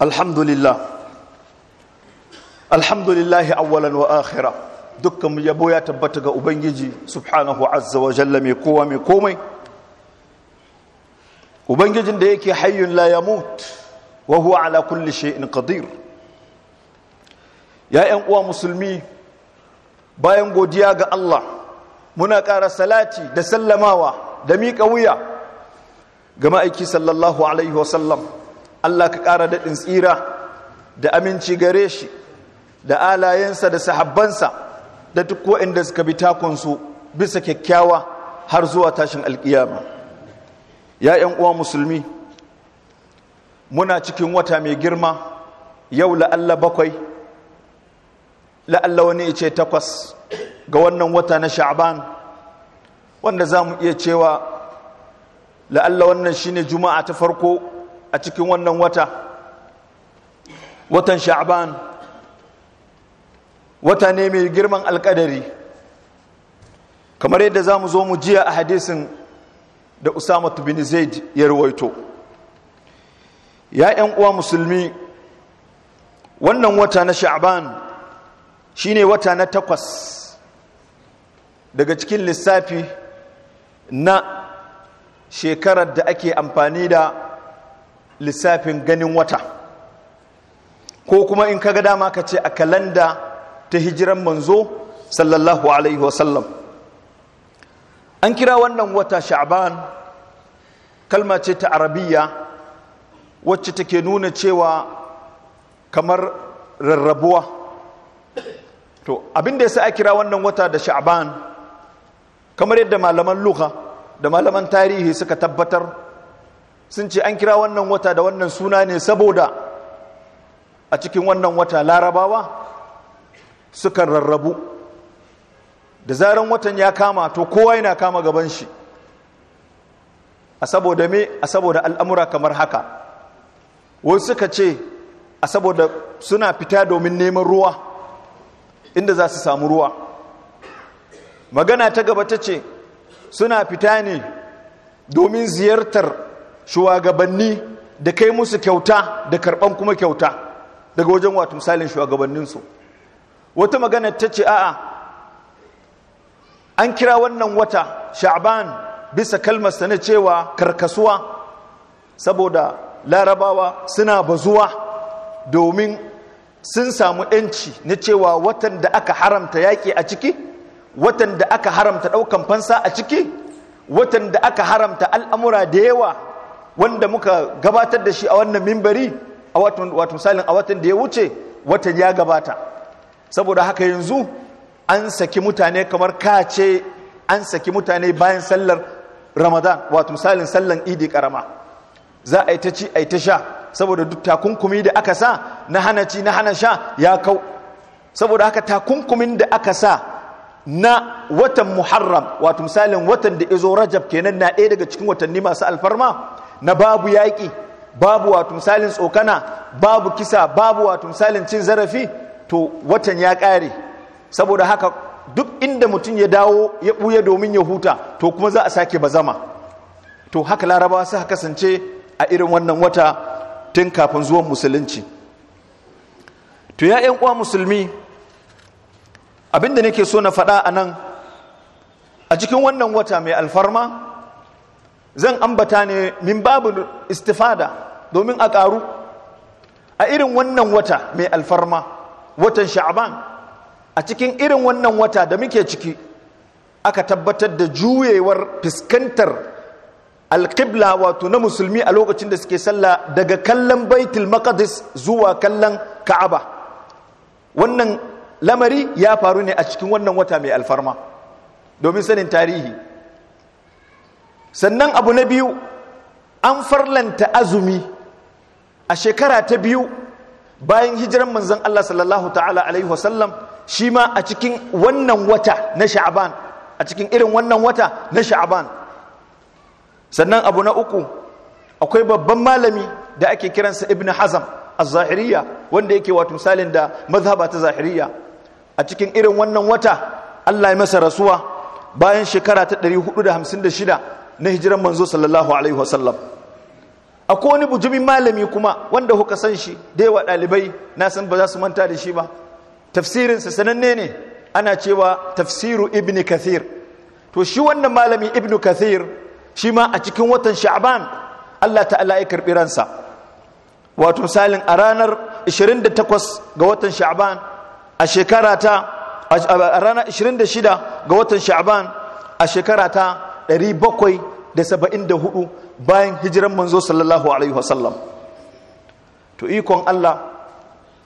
alhamdulillah alhamdulillahi awwalan wa akhira dukkan yabo ya tabbata ga ubangiji subhanahu azza wa jalla mai kowa mai komai ubangijin da yake hayyun la yamut wa huwa ala kulli shay'in qadir ya yan uwa musulmi bayan godiya ga Allah muna ƙara salati da sallamawa da miƙa wuya ga ma'aiki sallallahu alaihi sallam. Allah ka ƙara daɗin tsira da aminci gare shi da alayensa da sahabbansa da duk waɗanda suka bi takunsu bisa kyakkyawa har zuwa tashin alƙiyama ya ‘yan uwa musulmi muna cikin wata mai girma yau la'alla bakwai la'alla wani ce takwas ga wannan wata na sha'aban wanda za mu iya cewa la'alla wannan shine juma'a ta farko a cikin wannan wata watan sha'ban wata ne mai girman alkadari kamar yadda za mu zo mu jiya a hadisin da usama bin zaid ya ruwaito ya 'yan uwa musulmi wannan wata na sha'ban shine wata na takwas daga cikin lissafi na shekarar da ake amfani da lissafin ganin wata ko kuma in kaga dama ka ce a kalanda ta hijiran manzo sallallahu alaihi wasallam an kira wannan wata sha'ban kalma ce ta arabiya wacce take nuna cewa kamar rarrabuwa to abinda sa a kira wannan wata da sha'ban kamar yadda malaman lugha da malaman tarihi suka tabbatar sun ce an kira wannan wata da wannan suna ne saboda a cikin wannan wata larabawa sukan rarrabu da zaren watan ya kama to kowa yana kama gaban shi a saboda me a saboda al'amura kamar haka wasu suka ce a saboda suna fita domin neman ruwa inda za su samu ruwa magana ta gaba ta ce suna fita ne domin ziyartar shugabanni da kai musu kyauta da karban kuma kyauta daga wajen wato misalin shugabanninsu wata magana ta ce a'a an kira wannan wata sha'ban bisa kalmasta na cewa karkasuwa saboda larabawa suna bazuwa domin sun samu 'yanci na cewa watan da aka haramta yaƙi a ciki watan da aka haramta ɗaukan fansa a ciki watan da aka haramta al'amura da yawa wanda muka gabatar da shi a wannan mimbari a watan salin a watan da ya wuce watan ya gabata saboda haka yanzu an saki mutane kamar kace an saki mutane bayan sallar ramadan watan salin sallan idi karama za a yi ta ci a yi ta sha saboda duk takunkumi da aka sa na hana ci na hana sha ya kau saboda haka takunkumin da aka sa na watan muharram watan salin watan da izo rajab kenan na ɗaya daga cikin watanni masu alfarma na babu yaƙi babu wato misalin tsokana babu kisa babu wato misalin cin zarafi to watan ya ƙare saboda haka duk inda mutum ya dawo ya ɓuya domin ya huta to kuma za a sake bazama to haka larabawa suka kasance a irin wannan wata tun kafin zuwan musulunci to ya ‘yan uwa musulmi abinda nake so na faɗa a nan a cikin wannan wata mai alfarma zan ambata ne min babu istifada domin a ƙaru a irin wannan wata mai alfarma watan sha'aban a cikin irin wannan wata da muke ciki aka tabbatar da juyewar fiskantar alƙibla wato na musulmi a lokacin da suke sallah daga kallon baitul maqdis zuwa kallon ka'aba wannan lamari ya faru ne a cikin wannan wata mai alfarma domin sanin tarihi sannan abu na biyu an farlanta azumi a shekara ta biyu bayan hijiran manzon Allah sallallahu ta'ala alaihi wasallam shi ma a cikin wannan wata na sha'aban a cikin irin wannan wata na sha'aban sannan abu na uku akwai babban malami da ake kiransa ibn hazam a zahiriya wanda yake wato misalin da mazhaba ta zahiriya a cikin irin wannan wata Allah ya masa rasuwa bayan shekara ta 456 na hijiran manzo sallallahu alaihi wasallam akwai wani bujumin malami kuma wanda kuka san shi da yawa ɗalibai na san ba za su manta da shi ba tafsirinsa sananne ne ana cewa tafsiru ibn kathir to shi wannan malami ibn kathir shi ma a cikin watan sha'ban allah ta'ala ya karɓi ransa wato salin a ranar 28 ga watan sha'ban a shekara ta a ranar 26 ga watan sha'ban a shekara ta 700 da saba'in da hudu bayan hijiran manzo sallallahu alaihi wasallam to ikon Allah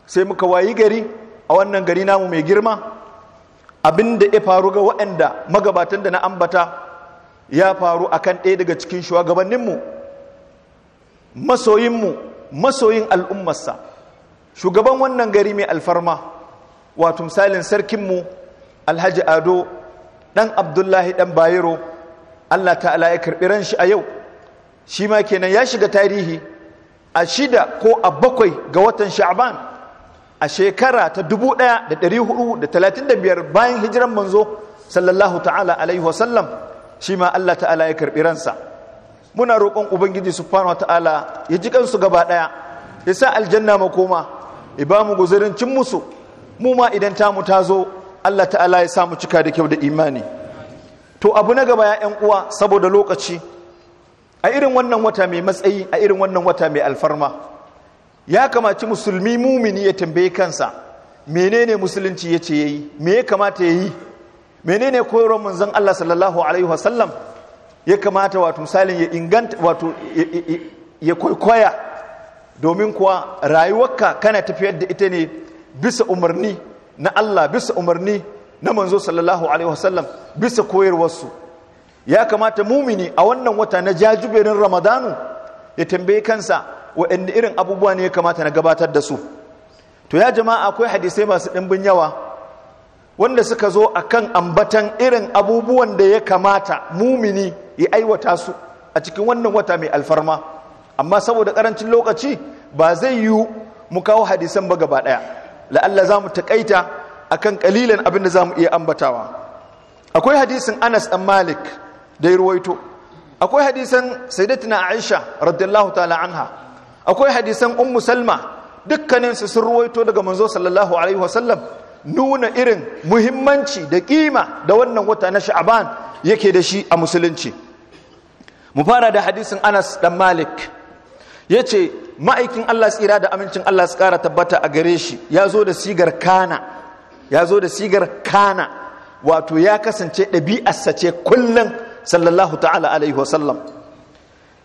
sai muka wayi gari a wannan gari namu mai girma Abinda ya faru ga waɗanda magabatan da na ambata ya faru akan ɗaya daga cikin shugabanninmu masoyinmu masoyin al'ummarsa shugaban wannan gari mai alfarma wato misalin sarkinmu alhaji ado ɗan abdullahi ɗan bayero Allah ta'ala ya karɓi ran a yau shi ma kenan ya shiga tarihi a shida ko a bakwai ga watan Sha'aban a shekara ta 1435 bayan hijiran manzo sallallahu ta'ala alaihi wasallam shi ma Allah ta'ala ya karɓi ransa muna roƙon ubangiji subhanahu wa ta'ala ya ji kansu gaba ɗaya ya sa aljanna makoma ya ba mu guzurin cin musu mu ma idan tamu ta zo Allah ta'ala ya sa mu cika da kyau da imani to abu na gaba ya uwa saboda lokaci a irin wannan wata mai matsayi a irin wannan wata mai alfarma ya kamaci musulmi mumini ya tambaye kansa menene musulunci ya ce ya yi me ya kamata ya yi menene koyarwar manzon Allah sallallahu alaihi wasallam ya kamata wato misalin ya inganta wato ya kwaikwaya domin kuwa rayuwarka kana tafiyar da ita ne bisa umarni na Allah bisa umarni na manzo sallallahu alaihi wasallam bisa koyarwarsu ya kamata mumini a wannan wata na jajiberin ramadanu ya tambaye kansa waɗanda irin abubuwa ne ya kamata na gabatar da su to ya jama'a akwai hadisai masu ɗimbin yawa wanda suka zo a kan ambatan irin abubuwan da ya kamata mumini ya aiwata su a cikin wannan wata mai alfarma amma saboda ƙarancin lokaci ba zai yiwu mu kawo hadisan ba gaba ɗaya la'alla za mu taƙaita akan kalilan abin da zamu iya ambatawa akwai hadisin Anas dan Malik da ruwaito akwai hadisan Sayyidatina Aisha radiyallahu ta'ala anha akwai hadisan Ummu Salma dukkanin su sun ruwaito daga manzo sallallahu alaihi wasallam nuna irin muhimmanci da kima da wannan wata na Sha'ban yake da shi a musulunci mu fara da hadisin Anas dan Malik yace ma'aikin Allah tsira da amincin Allah su kara tabbata a gare shi ya zo da sigar kana ya zo da sigar kana wato ya kasance ɗabi'arsa ce kullum sallallahu ta'ala alaihi wasallam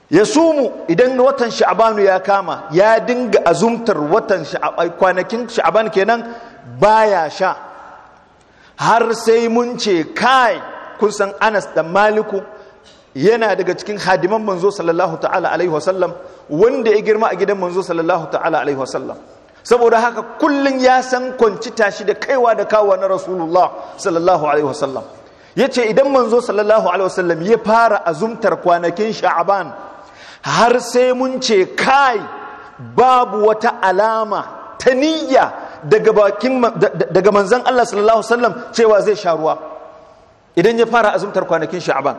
ya sumu idan watan sha'abanu ya kama ya dinga azumtar watan kwanakin sha'aban kenan baya sha har sai mun ce kai kun san anas da maliku yana daga cikin hadiman manzo sallallahu ta'ala alaihi wasallam wanda ya girma a gidan manzo sallallahu ta'ala alaihi wasallam saboda haka kullum ya san kwanci tashi da kaiwa da kawo na rasulullah sallallahu alaihi wasallam ya ce idan manzo sallallahu alaihi wasallam ya fara azumtar kwanakin sha'aban har sai mun ce kai babu wata alama ta niyya daga bakin manzon Allah sallallahu alaihi wasallam cewa zai sha ruwa idan ya fara azumtar kwanakin sha'aban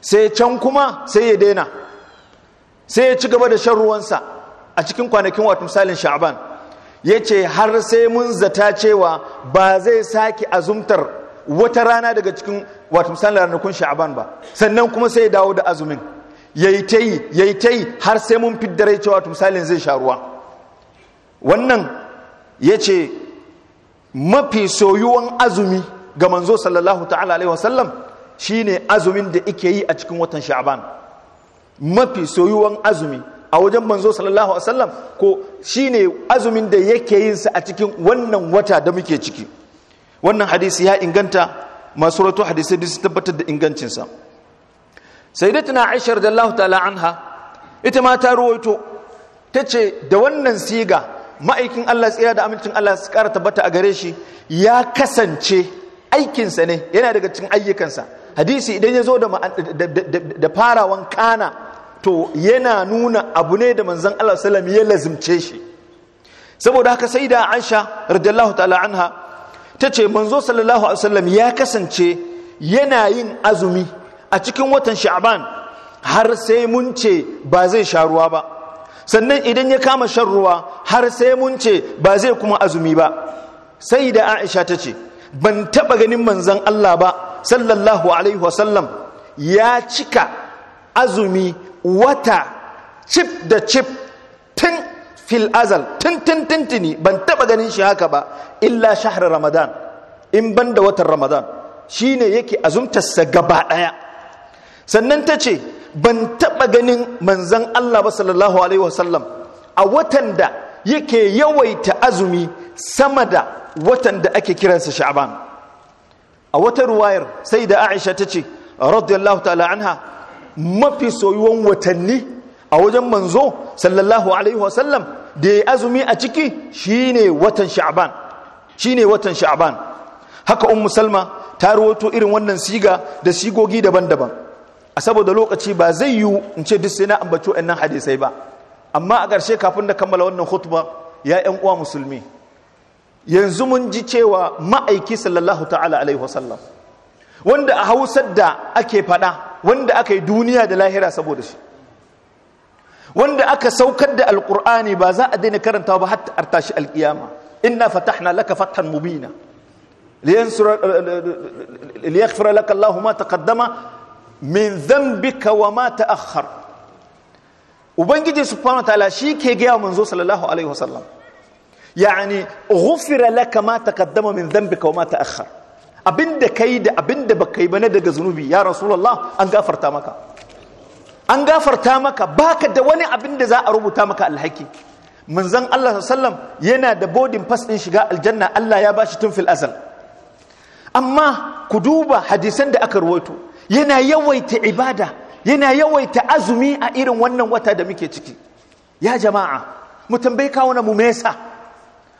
sai can kuma sai ya daina sai ya ci gaba da shan ruwansa a cikin kwanakin wato misalin sha'aban ya ce har sai mun zata cewa ba zai sake azumtar wata rana daga cikin wato misalin ranakun sha'aban ba sannan kuma sai dawo da azumin ya yi ta yi ya yi ta yi har sai mun fiddare cewa wato misalin zai sha ruwa wannan ya ce mafi soyuwan azumi ga manzo sallallahu ta'ala alaihi wasallam shine azumin da ike yi a cikin watan sha'aban mafi soyuwan azumi a wajen manzo sallallahu alaihi wasallam ko shine azumin da yake yin sa a cikin wannan wata da muke ciki wannan hadisi ya inganta masu rato hadisi da tabbatar da ingancin sa sayyidatuna aisha ta ta'ala anha ita ma ta ruwaito tace da wannan siga ma'aikin Allah tsira da amincin Allah su kara tabbata a gare shi ya kasance aikinsa ne yana daga cikin ayyukansa hadisi idan ya zo da farawan kana to yana nuna abu ne da manzan Allah salam ya lazimce shi saboda haka sai da Aisha radiyallahu ta'ala anha ta ce manzo sallallahu alaihi wasallam ya kasance yana yin azumi a cikin watan sha'ban har sai mun ce ba zai sha ruwa ba sannan idan ya kama shan ruwa har sai mun ce ba zai kuma azumi ba sai da Aisha ta ce ban taba ganin manzan Allah ba sallallahu alaihi wasallam ya cika azumi wata cif da cif tun fil azal tun tun ban taba ganin shi haka ba illa shahar ramadan in ban da watan ramadan shi ne yake azumtarsa gaba daya sannan ta ce ban taba ganin manzan allah ba sallallahu alaihi wasallam a watan da yake yawaita azumi sama da watan da ake kiransa sha'ban a wata ruwayar sai da aisha ta ce radiyallahu ta'ala anha mafi soyuwan watanni a wajen manzo sallallahu alaihi wasallam da ya azumi a ciki shine watan sha'ban shine watan sha'ban haka ummu salma ta ruwato irin wannan siga da sigogi daban-daban a saboda lokaci ba zai yiwu in ce duk sai na ambaci nan hadisai ba amma a ƙarshe kafin da kammala wannan khutba ya ƴan uwa musulmi yanzu mun ji cewa ma'aiki sallallahu ta'ala alaihi wasallam wanda a hausar da ake faɗa wanda aka yi duniya da lahira saboda shi wanda aka saukar da alkur'ani ba za a daina karanta ba hatta a tashi alkiyama inna fatahna laka fathan mubina eh, eh, eh, liyaghfira laka Allahu ma taqaddama min dhanbika wa ma ta'akhkhar ubangiji subhanahu shi ke gaya manzo sallallahu alaihi wasallam yani ghufira laka ma taqaddama min dhanbika wa ma ta'akhkhar abinda kai da abinda baka yi ba na daga zunubi ya rasulullah an gafarta maka an gafarta maka baka da wani abin da za a rubuta maka alhaki manzon Allah sallam yana da boarding pass din shiga aljanna Allah ya bashi tun fil azal amma ku duba hadisan da aka rawaito yana yawaita ibada yana yawaita azumi a irin wannan wata da muke ciki ya jama'a mu tambayi kawo na mu mesa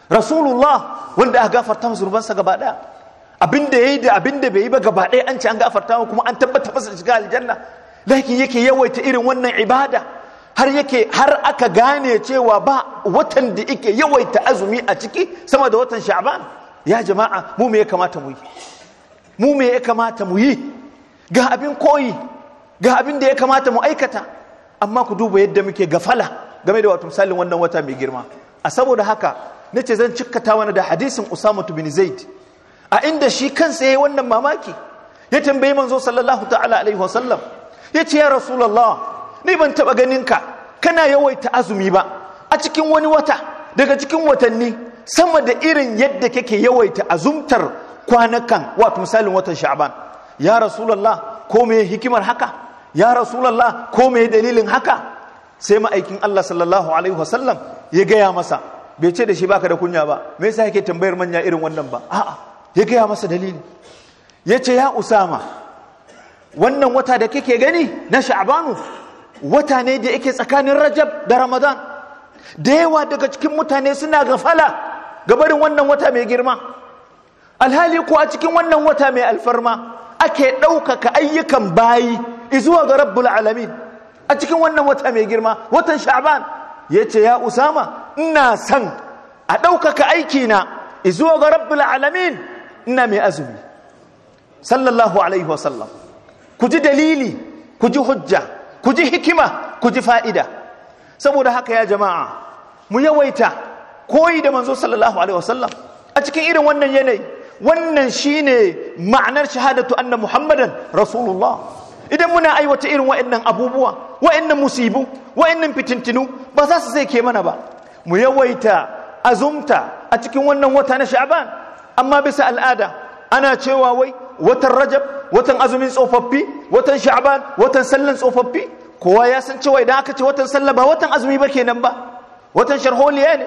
rasulullah wanda aka gafarta zunubansa gaba daya abin da yi da abin da bai yi ba gaba ɗaya an ce an gafarta mu kuma an tabbata masa shiga aljanna lakin yake yawaita irin wannan ibada har yake har aka gane cewa ba watan da yake yawaita azumi a ciki sama da watan sha'ban ya jama'a mu me ya kamata mu yi mu me ya kamata mu yi ga abin koyi ga abin da ya kamata mu aikata amma ku duba yadda muke gafala game da wato misalin wannan wata mai girma a saboda haka nace zan cikkata wani da hadisin Usama bin Zaid a inda shi kansa ya yi wannan mamaki ya tambayi manzo sallallahu ta'ala alaihi wasallam ya ce ya rasulallah ni ban taba ganin ka kana yawaita azumi ba a cikin wani wata daga cikin watanni sama da irin yadda kake yawaita azumtar kwanakan wato misalin watan sha'ban ya rasulallah ko me hikimar haka ya rasulallah ko me dalilin haka sai ma'aikin Allah sallallahu alaihi wasallam ya gaya masa bai ce da shi baka da kunya ba me yasa yake tambayar manya irin wannan ba a'a ya gaya masa dalili ya ce ya usama wannan wata da kake gani na sha'abanu wata ne da yake tsakanin rajab da ramadan da yawa daga cikin mutane suna gafala gabarin wannan wata mai girma alhali ko a cikin wannan wata mai alfarma ake ɗaukaka ayyukan bayi izuwa ga rabbul alamin a cikin wannan wata mai girma watan Sha'aban. ya ce ya usama ina son a ɗaukaka aikina izuwa ga rabbul alamin ina mai azumi sallallahu alaihi wasallam ku ji dalili ku ji hujja ku ji hikima ku ji fa'ida saboda haka ya jama'a mu yawaita koyi da manzo sallallahu alaihi wasallam a cikin irin wannan yanayi wannan shine ma'anar shahadatu anna muhammadan rasulullah idan muna aiwata irin wa'annan abubuwa wa'annan musibu wa'annan fitintinu ba za su sai ke mana ba mu yawaita azumta a cikin wannan wata na sha'ban amma bisa al'ada ana cewa wai watan rajab watan azumin tsofaffi watan sha'ban watan sallan tsofaffi kowa ya san cewa idan aka ce watan sallah ba watan azumi ba kenan ba watan sharholiya ne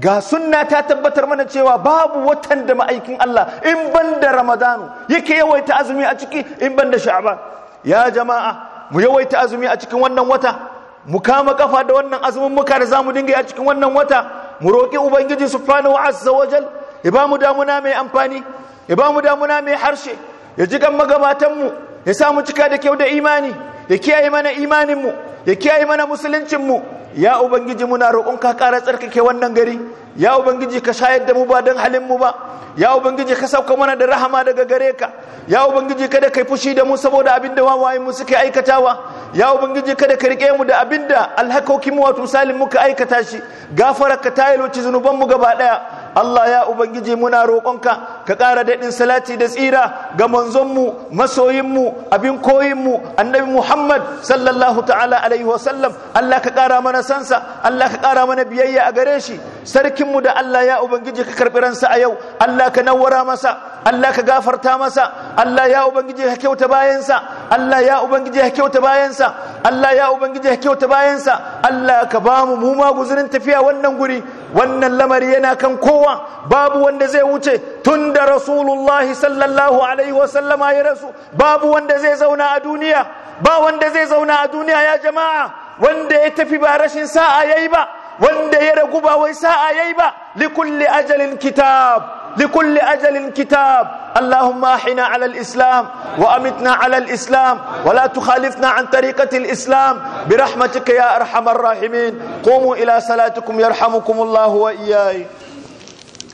ga sunna ta tabbatar mana cewa babu watan da ma'aikin Allah in ban da ramadanu yake yawaita azumi a ciki in ban da sha'ban ya jama'a mu yawaita azumi a cikin wannan wata mu kama kafa da wannan azumin muka da zamu dinga a cikin wannan wata mu roƙi ubangiji subhanahu azza wajal ya ba mu damuna mai amfani ya ba mu damuna mai harshe ya ji gan magabatanmu ya samu cika da kyau da imani ya kiyaye mana imaninmu ya kiyaye mana musuluncinmu ya ubangiji muna roƙon ka ƙara tsarkake wannan gari ya ubangiji ka shayar da mu ba don halinmu ba ya ubangiji ka sauka mana da rahama daga gare ka ya ubangiji kada kai fushi da mu saboda abin da wawaye mu suke aikatawa ya ubangiji kada ka riƙe mu da abin da alhakokinmu wato misalin muka aikata shi gafara ka tayiloci zunuban mu gaba ɗaya? Allah ya ubangiji muna roƙonka ka ƙara daɗin salati da tsira ga manzonmu masoyinmu abin koyinmu annabi Muhammad sallallahu ta'ala alaihi sallam. Allah ka ƙara mana sansa Allah ka ƙara mana biyayya a gare shi sarkinmu da Allah ya ubangiji ka karɓi ransa a yau Allah ka nawwara masa Allah ka gafarta masa Allah ya ubangiji ka kyauta bayansa Allah ya ubangiji ka kyauta bayansa Allah ya ubangiji ka kyauta bayansa Allah ka ba mu mu ma guzurin tafiya wannan guri wannan lamari yana kan kowa babu wanda zai wuce tun da rasulullahi sallallahu alaihi wa sallama ya rasu babu wanda zai zauna a duniya ba wanda zai zauna a duniya ya jama'a wanda ya tafi ba rashin sa'a yayi ba wanda ya ragu ba wai sa'a yayi ba likulli ajalin kitab لكل أجل كتاب اللهم أحنا على الإسلام وأمتنا على الإسلام ولا تخالفنا عن طريقة الإسلام برحمتك يا أرحم الراحمين قوموا إلى صلاتكم يرحمكم الله وإياي